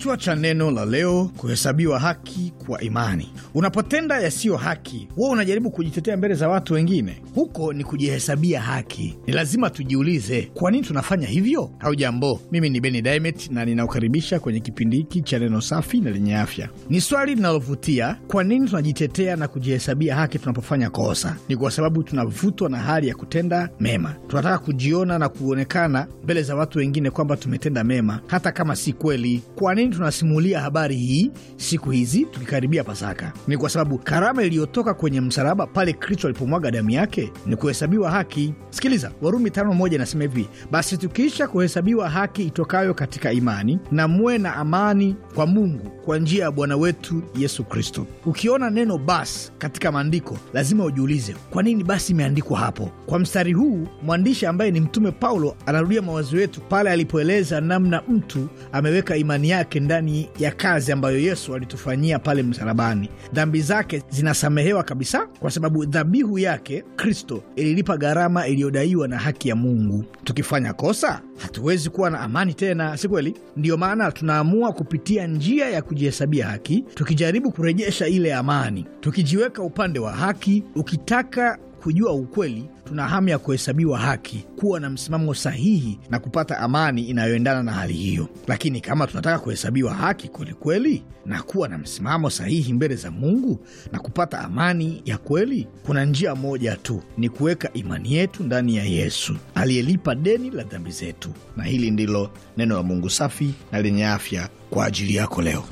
Kichwa cha neno la leo: kuhesabiwa haki kwa imani. Unapotenda yasiyo haki, huwa unajaribu kujitetea mbele za watu wengine, huko ni kujihesabia haki. Ni lazima tujiulize, kwa nini tunafanya hivyo? au jambo mimi ni Beni Dimet na ninakukaribisha kwenye kipindi hiki cha neno safi na lenye afya. Ni swali linalovutia, kwa nini tunajitetea na kujihesabia haki tunapofanya kosa? Ni kwa sababu tunavutwa na hali ya kutenda mema. Tunataka kujiona na kuonekana mbele za watu wengine kwamba tumetenda mema, hata kama si kweli. Kwa nini nini tunasimulia habari hii siku hizi tukikaribia Pasaka? Ni kwa sababu karama iliyotoka kwenye msalaba pale Kristo alipomwaga damu yake ni kuhesabiwa haki. Sikiliza, Warumi tano moja inasema hivi: basi tukiisha kuhesabiwa haki itokayo katika imani, na muwe na amani kwa Mungu kwa njia ya Bwana wetu Yesu Kristo. Ukiona neno basi katika maandiko, lazima ujiulize kwa nini basi imeandikwa hapo. Kwa mstari huu, mwandishi ambaye ni Mtume Paulo anarudia mawazo yetu pale alipoeleza namna mtu ameweka imani yake zake ndani ya kazi ambayo Yesu alitufanyia pale msalabani. Dhambi zake zinasamehewa kabisa, kwa sababu dhabihu yake Kristo ililipa gharama iliyodaiwa na haki ya Mungu. Tukifanya kosa, hatuwezi kuwa na amani tena, si kweli? Ndiyo maana tunaamua kupitia njia ya kujihesabia haki, tukijaribu kurejesha ile amani, tukijiweka upande wa haki. Ukitaka kujua ukweli, tuna hamu ya kuhesabiwa haki, kuwa na msimamo sahihi na kupata amani inayoendana na hali hiyo. Lakini kama tunataka kuhesabiwa haki kwelikweli na kuwa na msimamo sahihi mbele za Mungu na kupata amani ya kweli, kuna njia moja tu, ni kuweka imani yetu ndani ya Yesu aliyelipa deni la dhambi zetu. Na hili ndilo neno la Mungu safi na lenye afya kwa ajili yako leo.